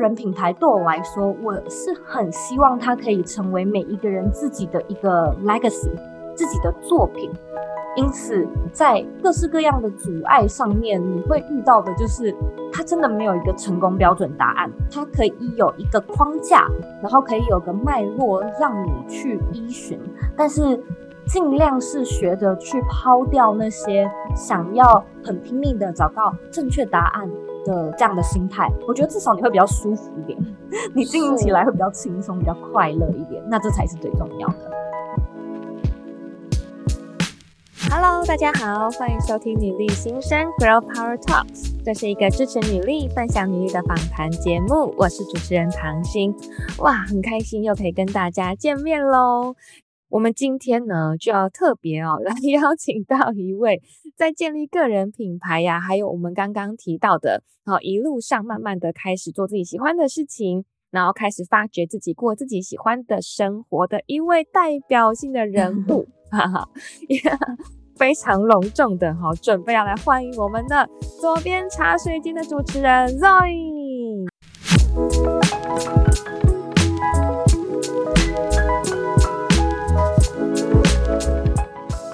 個人品牌對我來說，我是很希望它可以成為每一個人自己的一個 legacy，自己的作品。因此，在各式各樣的阻礙上面，你會遇到的就是，它真的沒有一個成功標準答案。它可以有一個框架，然後可以有一個脈絡讓你去依循，但是，盡量是學着去拋掉那些想要很拼命的找到正確答案的這樣的心態，我覺得至少你會比較舒服一點，你經營起來會比較輕鬆，是比較快樂一點，那這才是最重要的。Hello，大家好，歡迎收聽女力新生 Girl Power Talks，這是一個支持女力、分享女力的訪談節目，我是主持人唐欣，哇，很開心又可以跟大家見面嘍。我們今天呢，就要特別哦，來邀請到一位在建立個人品牌呀、啊，還有我們剛剛提到的，哈、哦，一路上慢慢的開始做自己喜歡的事情，然後開始發掘自己過自己喜歡的生活的一位代表性的人物，哈哈，非常隆重的哈、哦，準備要來歡迎我們的佐編茶水間的主持人 Zoey。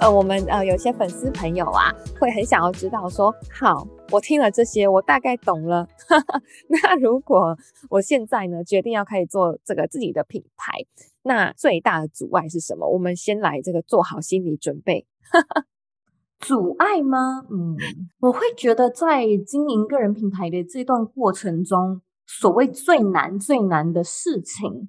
呃，我們呃，有些粉絲朋友啊，會很想要知道說，說好，我聽了這些，我大概懂了。呵呵，那如果我現在呢，決定要開始做這個自己的品牌，那最大的阻礙是什麼？我們先來這個做好心理準備。呵呵。阻礙嗎？嗯，我會覺得在經營個人品牌的這段過程中，所謂最難最難的事情，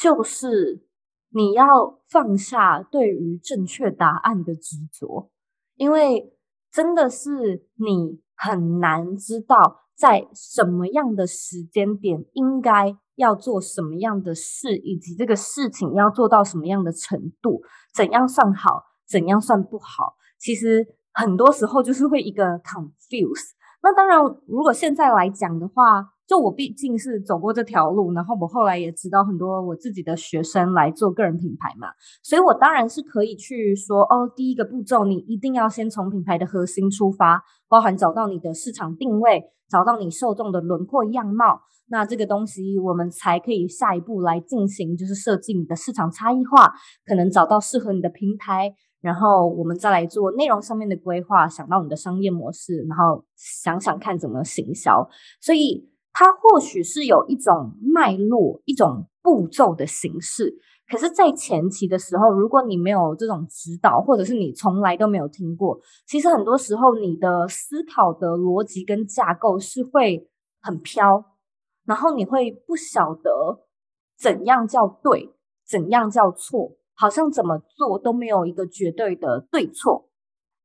就是。你要放下對於正確答案的執着，因為真的是你很難知道在什麼樣的時間點應該要做什麼樣的事，以及這個事情，要做到什麼樣的程度，怎樣算好，怎樣算不好。其實很多時候就是會一個 confuse。那當然，如果現在來講的話。就我畢竟是走過這條路，然後我後來也知道很多我自己的學生來做個人品牌嘛，所以我當然是可以去說哦，第一個步驟你一定要先從品牌的核心出發，包含找到你的市場定位，找到你受眾的輪廓樣貌，那這個東西我們才可以下一步來進行，就是設計你的市場差異化，可能找到適合你的平台，然後我們再來做內容上面的規劃，想到你的商業模式，然後想想看怎麼行銷。所以，它或許是有一種脈絡、一種步驟的形式，可是，在前期的時候，如果你沒有這種指導，或者是你從來都沒有聽過，其實很多時候你的思考的邏輯跟架構是會很飄，然後你會不曉得怎樣叫對，怎樣叫錯，好像怎麼做都沒有一個絕對的對錯。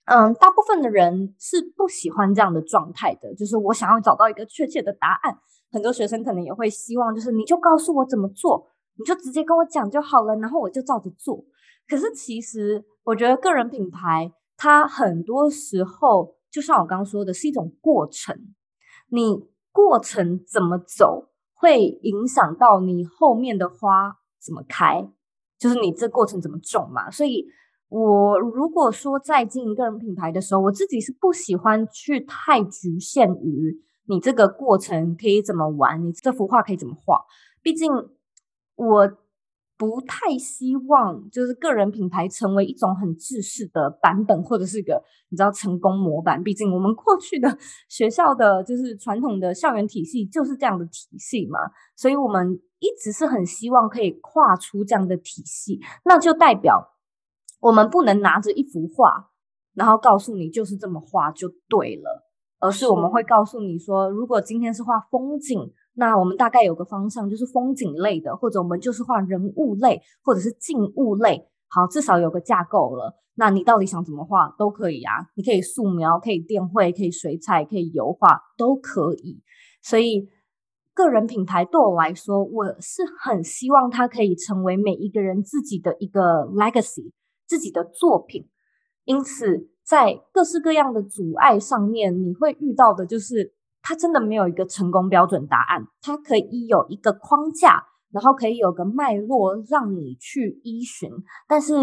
嗯，大部分的人是不喜歡這樣的狀態的。就是我想要找到一個確切的答案，很多學生可能也會希望，就是你就告訴我怎麼做，你就直接跟我講就好了，然後我就照着做。可是其實，我覺得個人品牌它很多時候，就像我剛剛說的，是一種過程。你過程怎麼走，會影響到你後面的花怎麼開，就是你這過程怎麼種嘛。所以。我如果說在經營個人品牌的時候，我自己是不喜歡去太局限於你這個過程可以怎麼玩，你這幅畫可以怎麼畫。畢竟我不太希望就是個人品牌成為一種很制式的版本，或者是個你知道成功模板。畢竟我們過去的學校的就是傳統的校園體系就是這樣的體系嘛，所以我們一直是很希望可以跨出這樣的體系，那就代表。我們不能拿着一幅畫，然後告訴你就是這麼畫就對了，而是我們會告訴你說，如果今天是畫風景，那我們大概有個方向就是風景類的，或者我們就是畫人物類，或者是靜物類。好，至少有個架構了。那你到底想怎麼畫都可以啊，你可以素描，可以電繪，可以水彩，可以油畫，都可以。所以，個人品牌對我來說，我是很希望它可以成為每一個人自己的一個 legacy。自己的作品，因此在各式各樣的阻礙上面，你會遇到的，就是它真的沒有一個成功標準答案。它可以有一個框架，然後可以有個脈絡讓你去依循，但是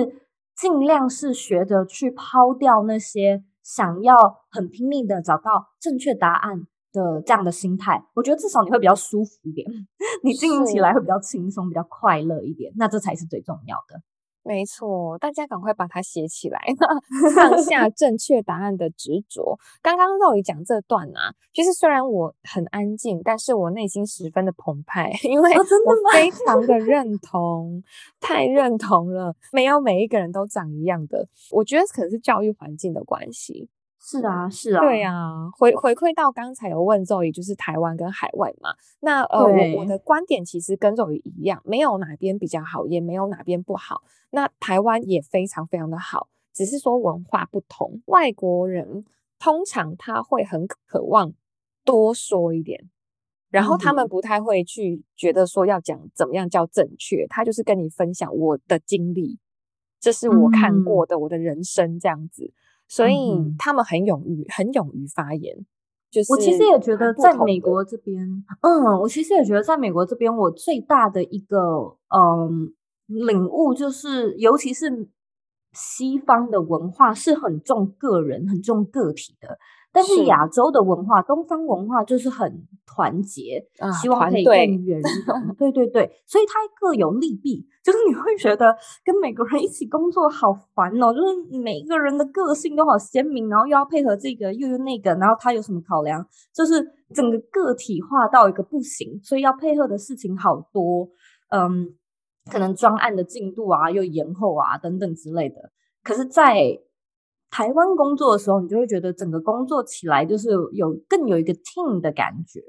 盡量是學着去拋掉那些想要很拼命的找到正確答案的這樣的心態。我覺得至少你會比較舒服一點，你經營起來會比較輕鬆、是比較快樂一點。那這才是最重要的。沒錯，大家趕快把它寫起來。放下正確答案的執着， 剛剛 Zoey 講這段啊，其實，雖然我很安靜，但是我內心十分的澎湃，因為真的非常的認同， 太認同了。沒有每一個人都長一樣的，我覺得可能是教育環境的關係。是啊，是啊，對啊。回回饋到剛才有問 Zoey，就是台灣跟海外嘛。那對呃，我我的觀點其實跟 Zoey 一樣，沒有哪邊比較好，也沒有哪邊不好。那台灣也非常非常的好，只是說文化不同。外國人通常他會很渴望多說一點，然後他們不太會去覺得說要講怎麼樣叫正確，他就是跟你分享我的經歷，這是我看過的我的人生這樣子。嗯所以、嗯、他們很勇於、很勇於發言，就是我其實也覺得，在美國這邊，嗯，我其實也覺得，在美國這邊，我最大的一個，嗯，領悟就是，尤其是。西方的文化是很重個人、很重個體的，但是亞洲的文化、是東方文化就是很團結，啊、希望對對、 嗯、對對對，所以它各有利弊。就是你會覺得跟美國人一起工作好煩哦，就是每個人的個性都好鮮明，然後又要配合這個，又有那個，然後他有什麼考量，就是整個個體化到一個不行，所以要配合的事情好多。嗯。可能專案的進度啊，又延後啊，等等之類的。可是，在台灣工作的時候，你就會覺得整個工作起來就是有更有一個 team 的感覺。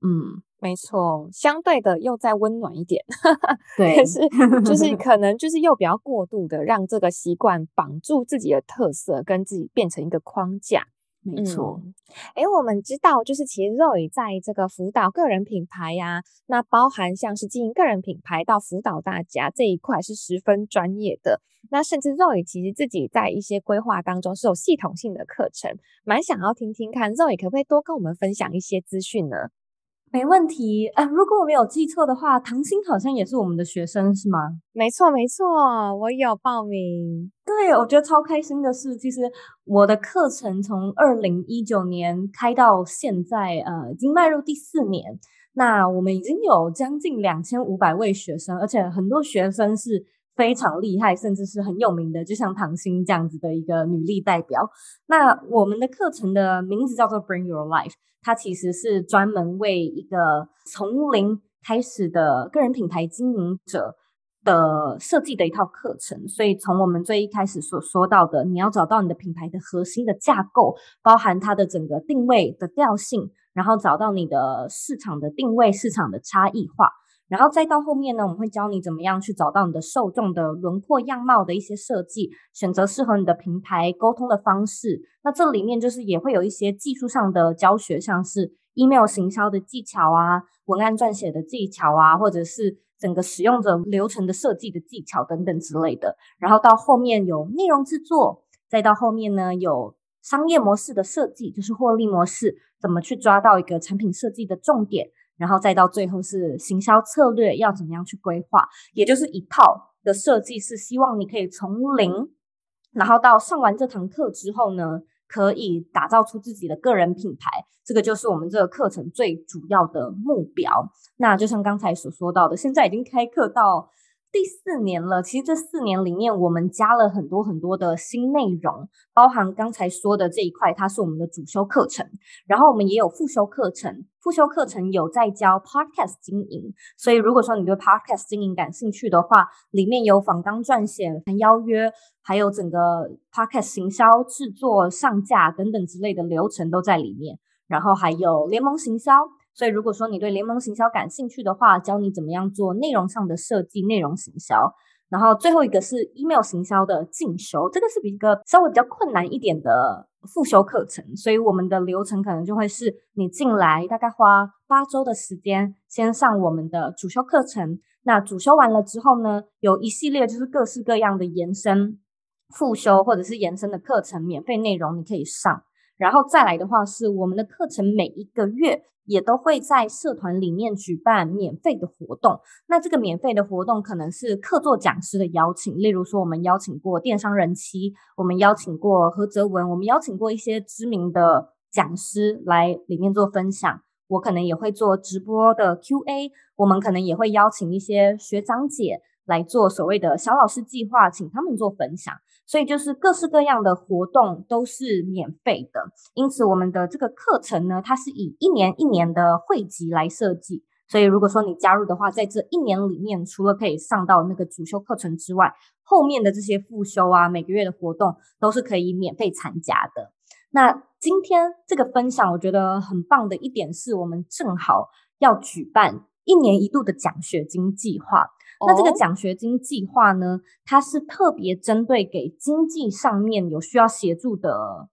嗯，沒錯，相對的又再溫暖一點。 對，可是就是可能就是又比較過度的讓這個習慣綁住自己的特色，跟自己變成一個框架。沒錯，嗯、欸，我們知道，就是其實肉 o 在這個輔導個人品牌呀、啊，那包含像是經營個人品牌到輔導大家這一塊是十分專業的。那甚至肉 o 其實自己在一些規劃當中是有系統性的課程，蠻想要聽聽看肉 o 可不可以多跟我們分享一些資訊呢？沒問題，呃，如果我沒有記錯的話，唐鑫好像也是我們的學生，是嗎？沒錯，沒錯，我有報名。對，我覺得超開心的是，其實我的課程從二零一九年開到現在，呃，已經邁入第四年。那我們已經有將近兩千五百位學生，而且很多學生是。非常厲害，甚至是很有名的，就像唐鑫這樣子的一個女力代表。那我們的課程的名字叫做 Brand Your Life，它其實是專門為一個從零開始的個人品牌經營者的設計的一套課程。所以從我們最一開始所說到的，你要找到你的品牌的核心的架構，包含它的整個定位的調性，然後找到你的市場的定位、市場的差異化。然後再到後面呢，我們會教你怎麼樣去找到你的受眾的輪廓樣貌的一些設計，選擇適合你的平台溝通的方式。那這裡面就是也會有一些技術上的教學，像是 email 行銷的技巧啊，文案撰寫的技巧啊，或者是整個使用者流程的設計的技巧等等之類的。然後到後面有內容製作，再到後面呢，有商業模式的設計，就是獲利模式，怎麼去抓到一個產品設計的重點。然後再到最後是行銷策略要怎麼樣去規劃，也就是一套的設計是希望你可以從零，然後到上完這堂課之後呢，可以打造出自己的個人品牌。這個就是我們這個課程最主要的目標。那就像剛才所說到的，現在已經開課到第四年了，其實這四年裡面，我們加了很多很多的新內容，包含剛才說的這一塊，它是我們的主修課程。然後我們也有副修課程，副修課程有在教 podcast 經營。所以如果說你對 podcast 經營感興趣的話，裡面有訪綱撰寫、邀約，還有整個 podcast 行銷、製作、上架等等之類的流程都在裡面。然後還有聯盟行銷。所以，如果說你對聯盟行銷感興趣的話，教你怎麼樣做內容上的設計，內容行銷。然後最後一個是 email 行銷的進修，這個是一個稍微比較困難一點的複修課程。所以我們的流程可能就會是，你進來大概花八週的時間，先上我們的主修課程。那主修完了之後呢，有一系列就是各式各樣的延伸複修或者是延伸的課程，免費內容你可以上。然後再來的話是我們的課程，每一個月也都會在社團裡面舉辦免費的活動。那這個免費的活動可能是客座講師的邀請，例如說我們邀請過電商人妻，我們邀請過何則文，我們邀請過一些知名的講師來裡面做分享。我可能也會做直播的 QA，我們可能也會邀請一些學長姐。來做所謂的小老師計劃，請他們做分享，所以就是各式各樣的活動都是免費的。因此，我們的這個課程呢，它是以一年一年的會籍來設計。所以，如果說你加入的話，在這一年裡面，除了可以上到那個主修課程之外，後面的這些複修啊，每個月的活動都是可以免費參加的。那今天這個分享，我覺得很棒的一點是我們正好要舉辦一年一度的獎學金計劃。那這個獎學金計劃呢，它是特別針對給經濟上面有需要協助的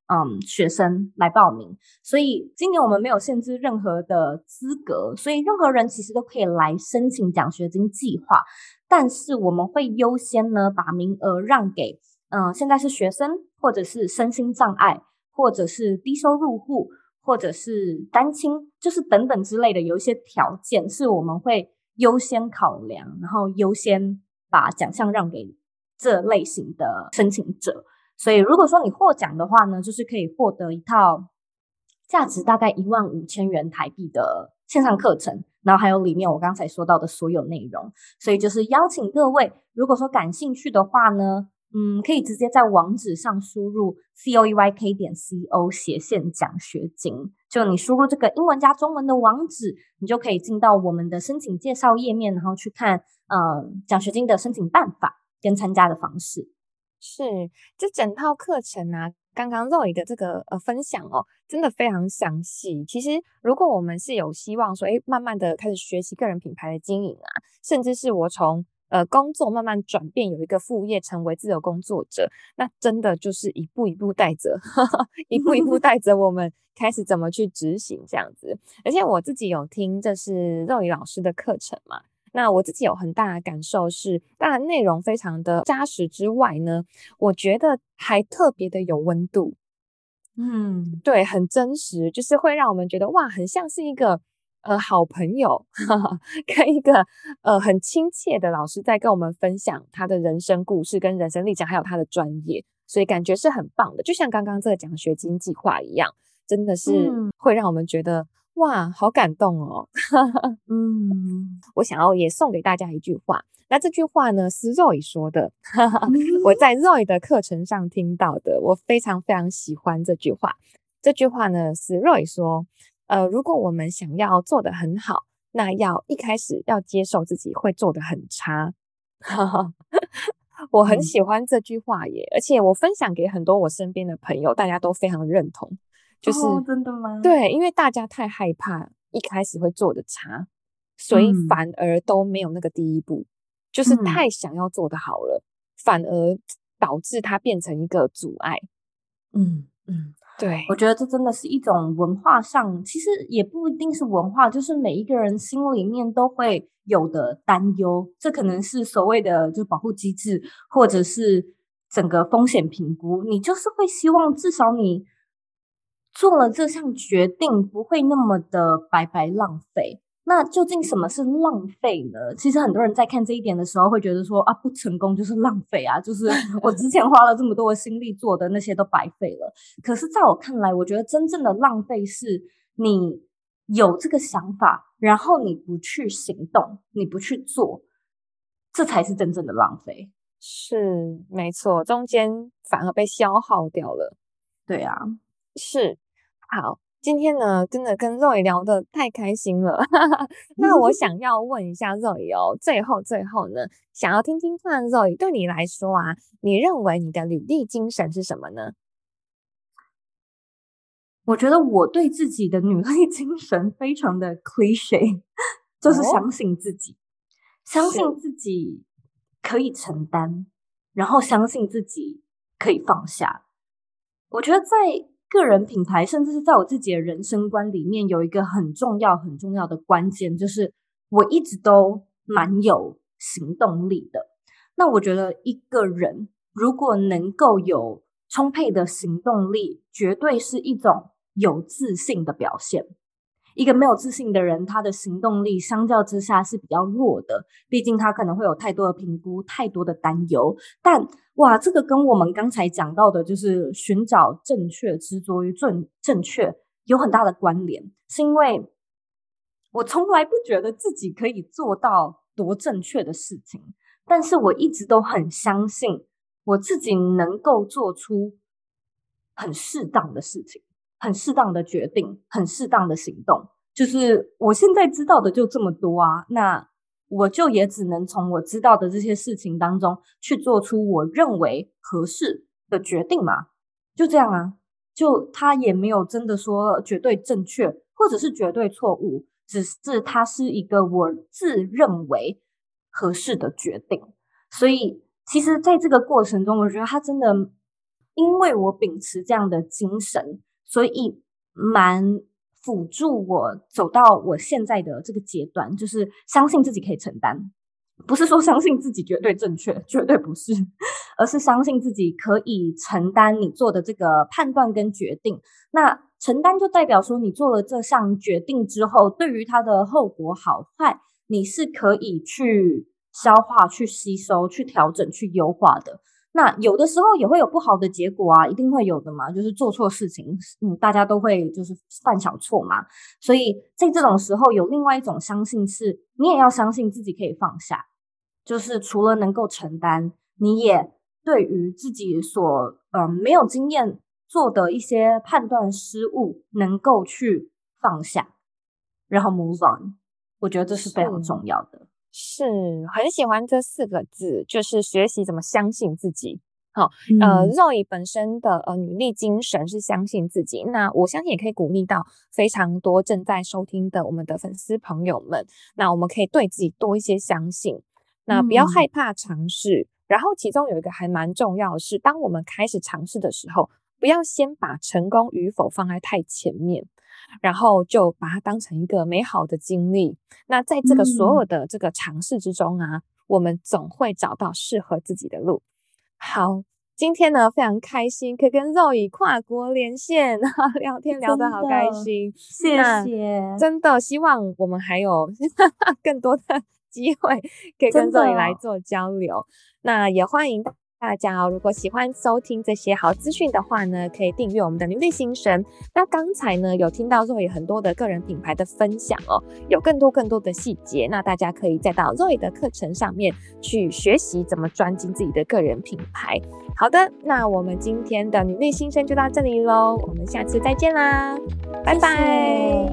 嗯學生來報名，所以今年我們沒有限制任何的資格，所以任何人其實都可以來申請獎學金計劃，但是我們會優先呢把名額讓給嗯現在是學生，或者是身心障礙，或者是低收入戶，或者是單親，就是等等之類的有一些條件是我們會優先考量，然後優先把獎項讓給這類型的申請者。所以，如果說你獲獎的話呢，就是可以獲得一套價值大概一萬五千元台幣的線上課程，然後還有裡面我剛才說到的所有內容。所以，就是邀請各位，如果說感興趣的話呢。嗯，可以直接在網址上輸入 c o e y k 點 c o 斜線獎學金，就你輸入這個英文加中文的網址，你就可以進到我們的申請介紹頁面，然後去看呃獎學金的申請辦法跟參加的方式。是，這整套課程呢、啊，剛剛 r 一個的這個呃分享哦、喔，真的非常詳細。其實如果我們是有希望說，誒、欸，慢慢的開始學習個人品牌的經營啊，甚至是我從呃，工作慢慢轉變，有一個副業，成為自由工作者，那真的就是一步一步帶着，呵呵，一步一步帶着我們開始怎麼去執行這樣子。而且我自己有聽，這是 Zoey 老師的課程嘛？那我自己有很大的感受是，當然內容非常的扎實之外呢，我覺得還特別的有溫度。嗯，對，很真實，就是會讓我們覺得哇，很像是一個。呃，好朋友呵呵跟一個呃很親切的老師在跟我們分享他的人生故事、跟人生歷程，還有他的專業，所以感覺是很棒的。就像剛剛這個獎學金計劃一樣，真的是會讓我們覺得、嗯、哇，好感動哦。呵呵嗯，我想要也送給大家一句話，那這句話呢是 Roy 說的，嗯、 我在 Roy 的課程上聽到的，我非常非常喜歡這句話。這句話呢是 Roy 說。呃，如果我們想要做的很好，那要一開始要接受自己會做的很差。 我很喜歡這句話耶，嗯、而且我分享給很多我身邊的朋友，大家都非常認同。就是、哦，真的嗎？對，因為大家太害怕一開始會做的差，所以反而都沒有那個第一步。嗯、就是太想要做的好了，嗯、反而導致它變成一個阻礙。嗯嗯。嗯對，我覺得這真的是一種文化上，其實也不一定是文化，就是每一個人心裡面都會有的擔憂。這可能是所謂的就是保護機制，或者是整個風險評估。你就是會希望至少你做了這項決定不會那麼的白白浪費。那究竟什麼是浪費呢？嗯、其實很多人在看這一點的時候，會覺得說啊，不成功就是浪費啊，就是我之前花了這麼多的心力做的那些都白費了。 可是，在我看來，我覺得真正的浪費是，你有這個想法，然後你不去行動，你不去做，這才是真正的浪費。是，沒錯，中間反而被消耗掉了。對啊，是，好。今天呢，真的跟 Zoey 聊得太開心了。 那我想要問一下 Zoey 哦， 最後最後呢，想要聽聽看 Zoey 對你來說啊，你認為你的履歷精神是什麼呢？我覺得我對自己的履歷精神非常的 cliche，就是相信自己，哦、相信自己可以承擔，是然後相信自己可以放下。我覺得在。個人品牌，甚至是在我自己的人生觀裡面，有一個很重要、很重要的關鍵，就是我一直都蠻有行動力的。那我覺得，一個人如果能夠有充沛的行動力，絕對是一種有自信的表現。一個沒有自信的人，他的行動力相較之下是比較弱的，畢竟他可能會有太多的評估、太多的擔憂。但哇，這個跟我們剛才講到的，就是尋找正確、執着於正正確，有很大的關聯。是因為我從來不覺得自己可以做到多正確的事情，但是我一直都很相信我自己能夠做出很適當的事情。很適當的決定，很適當的行動，就是我現在知道的就這麼多啊。那我就也只能從我知道的這些事情當中去做出我認為合適的決定嘛，就這樣啊。就他也沒有真的說絕對正確，或者是絕對錯誤，只是它是一個我自認為合適的決定。所以，其實在這個過程中，我覺得他真的，因為我秉持這樣的精神。所以蠻輔助我走到我現在的這個階段，就是相信自己可以承擔，不是說相信自己絕對正確，絕對不是，而是相信自己可以承擔你做的這個判斷跟決定。那承擔就代表說，你做了這項決定之後，對於它的後果好壞，你是可以去消化、去吸收、去調整、去優化的。那有的時候也會有不好的結果啊，一定會有的嘛。就是做錯事情，嗯，大家都會就是犯小錯嘛。所以在這種時候，有另外一種相信是，你也要相信自己可以放下。就是除了能夠承擔，你也對於自己所，呃，沒有經驗做的一些判斷失誤，能夠去放下，然後 move on。我覺得這是非常重要的。是很喜歡這四個字，就是學習怎麼相信自己。好，哦，嗯、呃，Zoey 本身的呃女力精神是相信自己，那我相信也可以鼓勵到非常多正在收聽的我們的粉絲朋友們。那我們可以對自己多一些相信，那不要害怕嘗試。嗯、然後其中有一個還蠻重要的是，當我們開始嘗試的時候，不要先把成功與否放在太前面。然後就把它當成一個美好的經歷。那在這個所有的這個嘗試之中啊，嗯、我們總會找到適合自己的路。好，今天呢，非常開心，可以跟 Zoey 跨國連線，然後聊天聊得好開心。的那謝謝，真的希望我們還有 更多的機會可以跟 Zoey 來做交流。的那也歡迎。大家如果喜歡收聽這些好資訊的話呢，可以訂閱我們的女力心聲。那剛才呢，有聽到 Zoey 很多的個人品牌的分享哦，有更多更多的細節，那大家可以再到 Zoey 的課程上面去學習怎麼專精自己的個人品牌。好的，那我們今天的女力心聲就到這裡嘍，我們下次再見啦，謝謝拜拜。